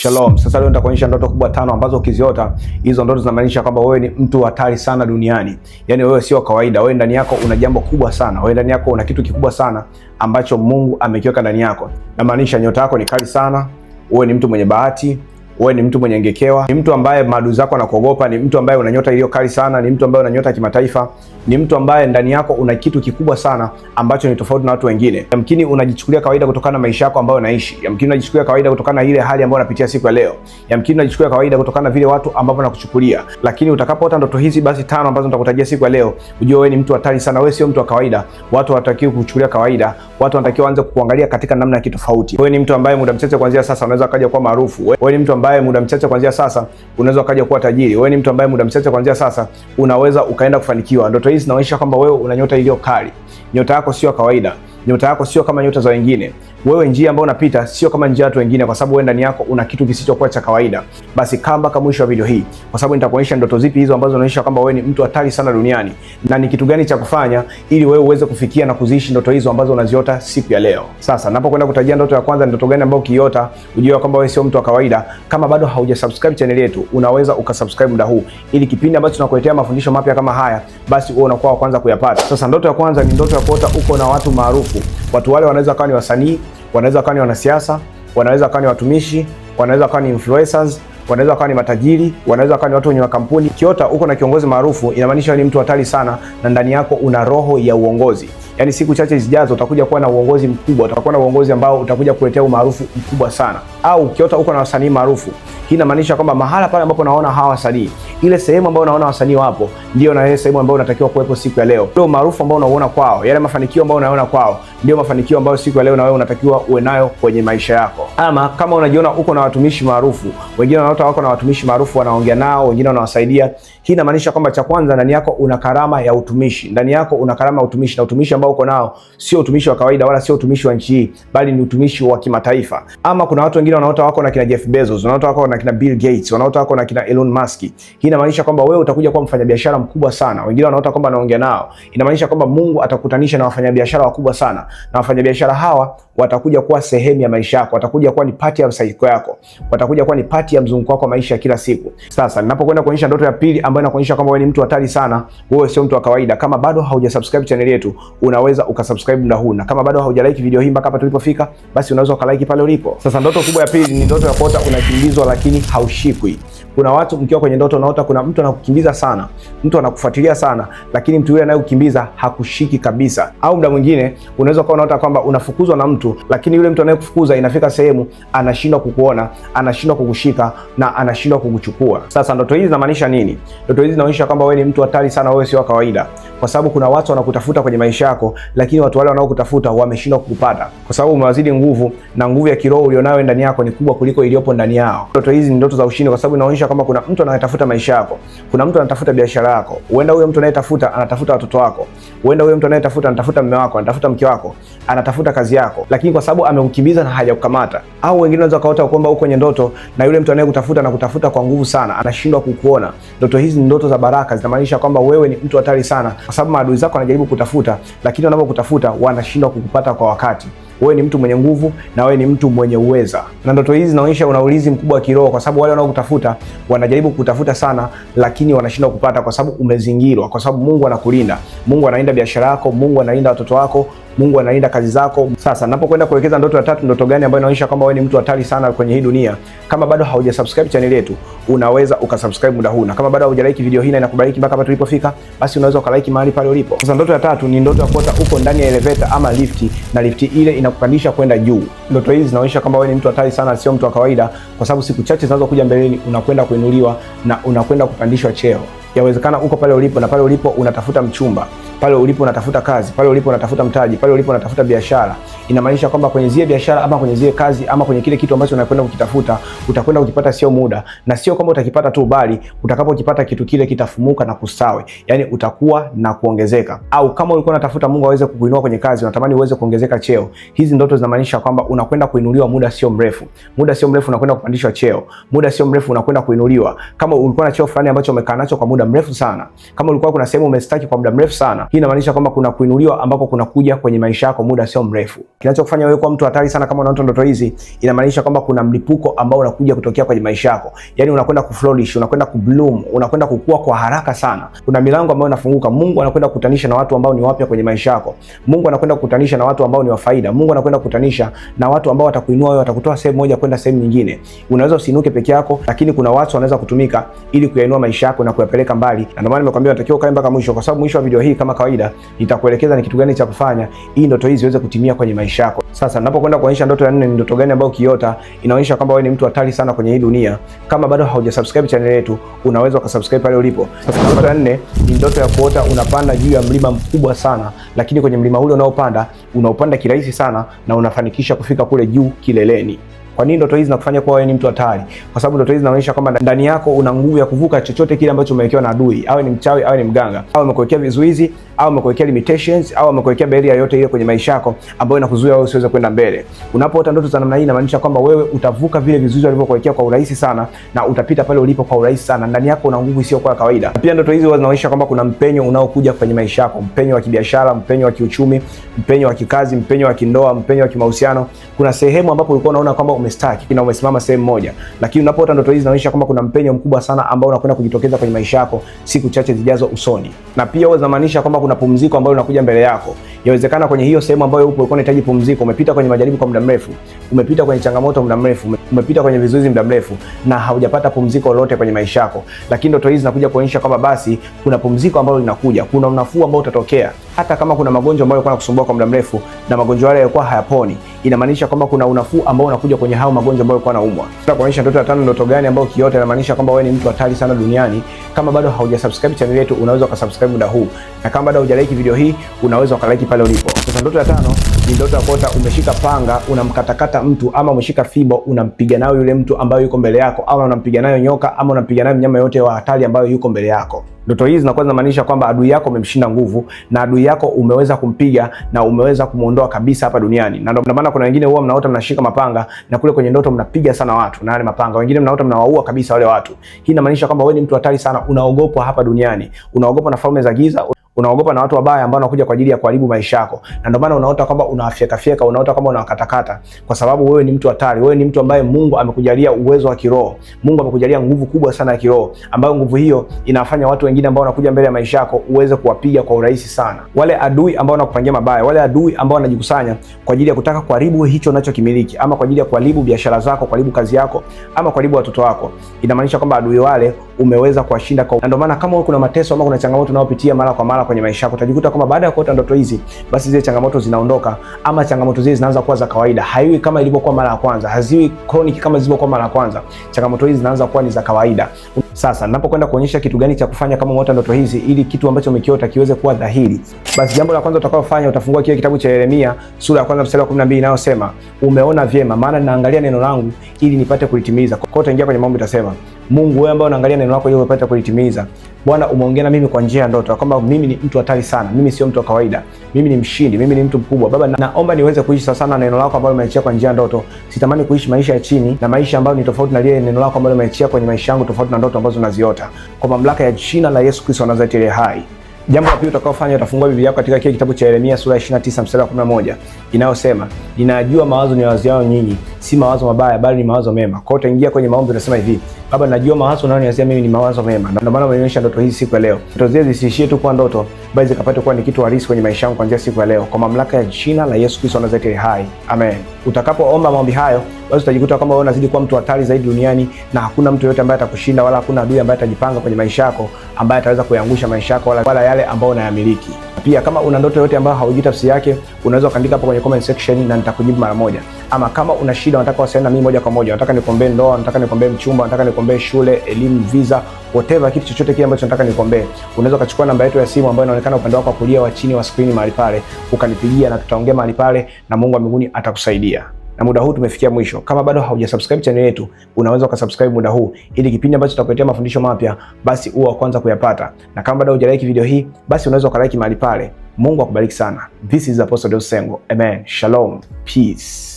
Shalom. Sasa leo nitakuonyesha ndoto kubwa tano ambazo ukiziota hizo ndoto zinamaanisha kwamba wewe ni mtu hatari sana duniani. Yaani wewe sio kawaida. Wewe ndani yako una jambo kubwa sana. Wewe ndani yako una kitu kikubwa sana ambacho Mungu amekiweka ndani yako. Namaanisha nyota yako ni kali sana. Wewe ni mtu mwenye bahati, wewe ni mtu mwenye ngekewa, ni mtu ambaye maadui zako anakuogopa, ni mtu ambaye una nyota iliyo kali sana, ni mtu ambaye una nyota kimataifa, ni mtu ambaye ndani yako una kitu kikubwa sana ambacho ni tofauti na watu wengine. Yamkini unajichukulia kawaida kutokana na maisha yako ambayo unaishi, yamkini unajichukulia kawaida kutokana na ile hali ambayo unapitia siku ya leo, yamkini unajichukulia kawaida kutokana na vile watu ambao wanakuchukulia. Lakini utakapoota ndoto hizi basi tano ambazo nitakutajia siku ya leo, ujue wewe ni mtu hatari sana, wewe sio mtu wa kawaida. Watu hawatakiwi kuchukulia kawaida, watu wanatakiwa waanze kukuangalia katika namna ya kitofauti. Wewe ni mtu ambaye muda mchache kuanzia sasa unaweza kaja kuwa maarufu. Wewe ni mtu ambaye ambaye muda mchache kuanzia sasa unaweza ukaja kuwa tajiri. Wewe ni mtu ambaye muda mchache kuanzia sasa unaweza ukaenda kufanikiwa. Ndoto hizi zinaonyesha kwamba wewe una nyota iliyo kali. Nyota yako sio kawaida. Nyota yako sio kama nyota za wengine wewe njia ambayo unapita sio kama njia watu wengine, kwa sababu wewe ndani yako una kitu kisichokuwa cha kawaida, basi kaa mpaka mwisho wa video hii, kwa sababu nitakuonyesha ndoto zipi hizo ambazo zinaonyesha kwamba wewe ni mtu hatari sana duniani na ni kitu gani cha kufanya ili wewe uweze kufikia na kuziishi ndoto hizo ambazo unaziota siku ya leo. Sasa napokwenda kutajia ndoto ya kwanza, ndoto gani ambayo ukiota ujue kwamba wewe sio mtu wa kawaida. Kama bado haujasubscribe channel yetu, unaweza ukasubscribe muda huu, ili kipindi ambacho tunakuletea mafundisho mapya kama haya, basi wewe unakuwa wa kwanza kuyapata. Sasa ndoto ya kwanza ni ndoto ya kuota uko na watu maarufu. Watu wale wanaweza kuwa ni wasanii wanaweza wakawa ni wanasiasa, wanaweza wakawa ni watumishi, wanaweza wakawa ni influencers, wanaweza wakawa ni matajiri, wanaweza wakawa ni watu wenye makampuni. kiota uko na kiongozi maarufu, inamaanisha ni mtu hatari sana, na ndani yako una roho ya uongozi. Yaani siku chache zijazo utakuja kuwa na uongozi mkubwa, utakuwa na uongozi ambao utakuja kuletea umaarufu mkubwa sana au ukiota huko na wasanii maarufu, hii inamaanisha kwamba mahala pale ambapo naona hawa wasanii, ile sehemu ambayo unaona wasanii wapo, ndio na ile sehemu ambayo unatakiwa kuwepo siku ya leo. Ndio maarufu ambao unaona kwao, yale mafanikio ambayo unaona kwao, ndio mafanikio ambayo siku ya leo na wewe unatakiwa uwe nayo kwenye maisha yako. Ama kama unajiona uko na watumishi maarufu, wengine wanaota wako na watumishi maarufu, wanaongea nao, wengine wanawasaidia, hii inamaanisha kwamba cha kwanza, ndani yako una karama ya utumishi, ndani yako una karama ya utumishi, na utumishi ambao uko nao sio utumishi wa kawaida, wala sio utumishi wa nchi hii, bali ni utumishi wa kimataifa. Ama kuna watu wengine wanaota wako na kina Jeff Bezos, wanaota wako na kina Bill Gates, wanaota wako na kina Elon Musk. Hii inamaanisha kwamba wewe utakuja kuwa mfanyabiashara mkubwa sana. Wengine wanaota kwamba naongea nao, inamaanisha kwamba Mungu atakutanisha na wafanyabiashara wakubwa sana, na wafanyabiashara hawa watakuja kuwa sehemu ya maisha yako, watakuja kuwa ni pati ya msaiko yako, watakuja kuwa ni pati ya mzunguko wako wa maisha ya kila siku. Sasa ninapokwenda kuonyesha ndoto ya pili ambayo inakuonyesha kwamba wewe ni mtu hatari sana, wewe sio mtu wa kawaida. Kama bado haujasubscribe channel yetu, unaweza ukasubscribe muda huu, na kama bado haujalike video hii mpaka hapa tulipofika, basi unaweza ukalike pale ulipo. Sasa ndoto kubwa Jambo ya pili ni ndoto ya kuota unakimbizwa lakini haushikwi. Kuna watu mkiwa kwenye ndoto unaota kuna mtu anakukimbiza sana, mtu anakufuatilia sana, lakini mtu yule anayekukimbiza hakushiki kabisa. Au muda mwingine unaweza kuwa unaota kwamba unafukuzwa na mtu, lakini yule mtu anayekufukuza inafika sehemu anashindwa kukuona, anashindwa kukushika na anashindwa kukuchukua. Sasa ndoto hizi zinamaanisha nini? Ndoto hizi zinaonyesha kwamba wewe ni mtu hatari sana, wewe sio wa kawaida, kwa sababu kuna watu wanakutafuta kwenye maisha yako, lakini watu wale wanaokutafuta wameshindwa kukupata kwa sababu umewazidi nguvu na nguvu ya kiroho ulionayo ndani yako ni kubwa kuliko iliyopo ndani yao. Ndoto hizi ni ndoto za ushindi, kwa sababu inaonyesha kwamba kuna mtu anayetafuta maisha yako, kuna mtu anatafuta biashara yako. Huenda huyo mtu anayetafuta anatafuta watoto wako, huenda huyo mtu anayetafuta anatafuta mume wako, anatafuta mke wako, anatafuta kazi yako, lakini kwa sababu ameukimbiza na hajakukamata. Au wengine wanaweza kaota kwamba uko kwenye ndoto na yule mtu anayekutafuta na kutafuta kwa nguvu sana, anashindwa kukuona. Ndoto hizi ni ndoto za baraka, zinamaanisha kwamba wewe ni mtu hatari sana, kwa sababu maadui zako wanajaribu kutafuta, lakini wanapokutafuta wanashindwa kukupata kwa wakati wewe ni mtu mwenye nguvu na wewe ni mtu mwenye uweza. Na ndoto hizi zinaonyesha una ulinzi mkubwa wa kiroho, kwa sababu wale wanaokutafuta wanajaribu kutafuta sana, lakini wanashindwa kupata, kwa sababu umezingirwa, kwa sababu Mungu anakulinda. Mungu analinda biashara yako, Mungu analinda watoto wako, Mungu analinda kazi zako. Sasa napokwenda kuelekeza ndoto ya tatu, ndoto gani ambayo inaonyesha kwamba wewe ni mtu hatari sana kwenye hii dunia? Kama bado haujasubscribe channel yetu, unaweza ukasubscribe muda huu, na kama bado haujalike video hii na inakubariki mpaka hapa tulipofika, basi unaweza ukalike mahali pale ulipo. Sasa ndoto ya tatu ni ndoto ya kuota uko ndani ya elevator ama lifti, na lifti ile inakupandisha kwenda juu. Ndoto hizi zinaonyesha kwamba wewe ni mtu hatari sana, sio mtu wa kawaida, kwa sababu siku chache zinazokuja mbeleni unakwenda kuinuliwa na unakwenda kupandishwa cheo. Yawezekana uko pale ulipo na pale ulipo unatafuta mchumba, pale ulipo unatafuta kazi, pale ulipo unatafuta mtaji, pale ulipo unatafuta biashara. Inamaanisha kwamba kwenye zile biashara ama kwenye zile kazi ama kwenye kile kitu ambacho unakwenda kukitafuta, utakwenda kukipata sio muda, na sio kwamba utakipata tu, bali utakapokipata kitu kile kitafumuka na kustawi, yani utakuwa na kuongezeka. Au kama ulikuwa unatafuta Mungu aweze kukuinua kwenye kazi, unatamani uweze kuongezeka cheo, hizi ndoto zinamaanisha kwamba unakwenda kuinuliwa muda sio mrefu. Muda sio mrefu unakwenda kupandishwa cheo, muda sio mrefu unakwenda kuinuliwa. Kama ulikuwa na cheo fulani ambacho umekaa nacho kwa muda muda mrefu sana. Kama ulikuwa kuna sehemu umestaki kwa muda mrefu sana, hii inamaanisha kwamba kuna kuinuliwa ambako kuna kuja kwenye maisha yako muda sio mrefu. Kinachokufanya wewe kuwa mtu hatari sana kama unaota ndoto hizi, inamaanisha kwamba kuna mlipuko ambao unakuja kutokea kwenye maisha yako, yaani unakwenda kuflourish, unakwenda kubloom, unakwenda kukua kwa haraka sana. Kuna milango ambayo inafunguka. Mungu anakwenda kukutanisha na watu ambao ni wapya kwenye maisha yako. Mungu anakwenda kukutanisha na watu ambao ni wa faida. Mungu anakwenda kukutanisha na watu ambao watakuinua wewe, watakutoa sehemu moja kwenda sehemu nyingine. Unaweza usinuke peke yako, lakini kuna watu wanaweza kutumika ili kuyainua maisha yako na kuyapeleka kupeleka mbali, na ndio maana nimekuambia unatakiwa ukae mpaka mwisho, kwa sababu mwisho wa video hii kama kawaida nitakuelekeza ni kitu gani cha kufanya ili ndoto hizi ziweze kutimia kwenye maisha yako. Sasa ninapokwenda kuonyesha ndoto ya nne ni ndoto gani ambayo kiota inaonyesha kwamba wewe ni mtu hatari sana kwenye hii dunia. Kama bado haujasubscribe channel yetu, unaweza ukasubscribe pale ulipo. Sasa ndoto ya nne ni ndoto ya kuota unapanda juu ya mlima mkubwa sana, lakini kwenye mlima ule unaopanda unaupanda kirahisi sana na unafanikisha kufika kule juu kileleni. Kwa nini ndoto hizi zinakufanya kuwa wewe ni mtu hatari? Kwa sababu ndoto hizi zinaonyesha kwamba ndani yako una nguvu ya kuvuka chochote kile ambacho umewekewa na adui, awe ni mchawi, awe ni mganga, au amekuwekea vizuizi, au amekuwekea limitations, au amekuwekea barrier yoyote ile kwenye maisha yako ambayo inakuzuia wewe usiweze kwenda mbele. Unapoota ndoto za namna hii, inamaanisha kwamba wewe utavuka vile vizuizi walivyokuwekea kwa urahisi sana na utapita pale ulipo kwa urahisi sana. Ndani yako una nguvu isiyo kwa kawaida. Pia ndoto hizi zinaonyesha kwamba kuna mpenyo unaokuja kwenye maisha yako, mpenyo wa kibiashara, mpenyo wa kiuchumi, mpenyo wa kikazi, mpenyo wa kindoa, mpenyo wa kimahusiano. Kuna sehemu ambapo ulikuwa unaona kwamba ume umestaki na umesimama sehemu moja, lakini unapoota ndoto hizi zinaonyesha kwamba kuna mpenyo mkubwa sana ambao unakwenda kujitokeza kwenye maisha yako siku chache zijazo usoni, na pia huwa zinamaanisha kwamba kuna pumziko ambayo linakuja mbele yako. Yawezekana kwenye hiyo sehemu ambayo upo ulikuwa unahitaji pumziko, umepita kwenye majaribu kwa muda mrefu, umepita kwenye changamoto muda mrefu, umepita kwenye vizuizi muda mrefu, na haujapata pumziko lolote kwenye maisha yako, lakini ndoto hizi zinakuja kuonyesha kwamba basi kuna pumziko ambalo linakuja, kuna unafuu ambao utatokea, hata kama kuna magonjwa ambayo yalikuwa yanakusumbua kwa muda mrefu na magonjwa yale yalikuwa hayaponi inamaanisha kwamba kuna unafuu ambao unakuja kwenye hayo magonjwa ambayo ulikuwa unaumwa. Tutakuonyesha ndoto ya tano, ndoto gani ambayo kiota inamaanisha kwamba wewe ni mtu hatari sana duniani. Kama bado haujasubscribe channel yetu, unaweza ukasubscribe muda huu, na kama bado hujalike video hii, unaweza ukalike pale ulipo. Sasa ndoto ya tano ni ndoto ya kuota umeshika panga unamkatakata mtu ama umeshika fimbo unampiga nayo yule mtu ambayo yuko mbele yako, ama unampiga nayo nyoka ama unampiga nayo mnyama yote wa hatari ambayo yuko mbele yako. Ndoto hizi zinakuwa zinamaanisha kwamba adui yako umemshinda nguvu na adui yako umeweza kumpiga na umeweza kumuondoa kabisa hapa duniani. Na ndio maana kuna wengine huwa mnaota mnashika mapanga na kule kwenye ndoto mnapiga sana watu na yale mapanga. Wengine mnaota mnawaua kabisa wale watu. Hii inamaanisha kwamba wewe ni mtu hatari sana, unaogopwa hapa duniani. Unaogopwa na falme za giza unaogopa na watu wabaya ambao wanakuja kwa ajili ya kuharibu maisha yako, na ndio maana unaota kwamba unawafyeka fyeka, unaota kwamba unawakatakata, kwa sababu wewe ni mtu hatari. Wewe ni mtu ambaye Mungu amekujalia uwezo wa kiroho, Mungu amekujalia nguvu kubwa sana ya kiroho, ambayo nguvu hiyo inafanya watu wengine ambao wanakuja mbele ya maisha yako uweze kuwapiga kwa urahisi sana. Wale adui ambao wanakupangia mabaya, wale adui ambao wanajikusanya kwa ajili ya kutaka kuharibu hicho unachokimiliki, ama kwa ajili ya kuharibu biashara zako, kuharibu kazi yako, ama kuharibu watoto wako, inamaanisha kwamba adui wale umeweza kuwashinda kwa. Ndio maana kama wewe kuna mateso ama kuna changamoto unayopitia mara kwa mara kwenye maisha yako, utajikuta kwamba baada ya kuota ndoto hizi, basi zile changamoto zinaondoka, ama changamoto zile zinaanza kuwa za kawaida, haiwi kama ilivyokuwa mara ya kwanza, haziwi chronic kama zilivyokuwa mara ya kwanza. Changamoto hizi zinaanza kuwa ni za kawaida. Sasa ninapokwenda kuonyesha kitu gani cha kufanya kama umeota ndoto hizi, ili kitu ambacho umekiota kiweze kuwa dhahiri, basi jambo la kwanza utakayofanya utafungua kile kitabu cha Yeremia sura ya kwanza mstari wa 12 inayosema umeona vyema, maana ninaangalia neno langu ili nipate kulitimiza. Kwa hiyo utaingia kwenye maombi, utasema Mungu wewe ambaye unaangalia neno lako ili upate kulitimiza. Bwana umeongea na mimi kwa njia ya ndoto kwamba mimi ni mtu hatari sana, mimi sio mtu wa kawaida, mimi ni mshindi, mimi ni mtu mkubwa. Baba, naomba niweze kuishi sawa sana na neno lako ambalo umeachia kwa njia ya ndoto. Sitamani kuishi maisha ya chini na maisha ambayo ni tofauti na lile neno lako ambalo umeachia kwenye maisha yangu, tofauti na ndoto ambazo naziota. Kwa mamlaka ya jina la Yesu Kristo wa Nazareti aliye hai. Jambo la pili utakaofanya utafungua Biblia yako katika kile kitabu cha Yeremia sura ya 29 mstari wa 11 inayosema, ninajua mawazo ni wazo yao nyinyi, si mawazo mabaya, bali ni mawazo mema. Kwa hiyo utaingia kwenye maombi, unasema hivi Baba, najua mawazo unayonianzia mimi ni mawazo mema, na ndio maana umenionyesha ndoto hii siku ya leo. Ndoto zile zisiishie tu kwa ndoto, bali zikapate kuwa ni kitu halisi kwenye maisha yangu kuanzia siku ya leo, kwa mamlaka ya jina la Yesu Kristo anazaite hai, amen. Utakapoomba maombi hayo, basi utajikuta kwamba wewe unazidi kuwa mtu hatari zaidi duniani, na hakuna mtu yoyote ambaye atakushinda, wala hakuna adui ambaye atajipanga kwenye maisha yako, ambaye ataweza kuyangusha maisha yako, wala, wala yale ambayo unayamiliki. Pia kama una ndoto yoyote ambayo haujui tafsiri yake, unaweza ukaandika hapo kwenye comment section na nitakujibu mara moja. Ama kama una shida unataka wasiliana na mimi moja kwa moja, unataka nikuombee ndoa, unataka nikuombee mchumba, unataka nikombee shule, elimu, visa, whatever, kitu chochote kile ambacho nataka nikombee, unaweza ukachukua namba yetu ya simu ambayo inaonekana upande wako wa kulia wa chini wa screen mahali pale, ukanipigia na tutaongea mahali pale, na Mungu wa mbinguni atakusaidia. Na muda huu tumefikia mwisho. Kama bado haujasubscribe channel yetu, unaweza ukasubscribe muda huu ili kipindi ambacho tutakuletea mafundisho mapya basi uwe wa kwanza kuyapata. Na kama bado hujalike video hii, basi unaweza ukalike mahali pale. Mungu akubariki sana. This is Apostle Deusi Sengo. Amen. Shalom. Peace.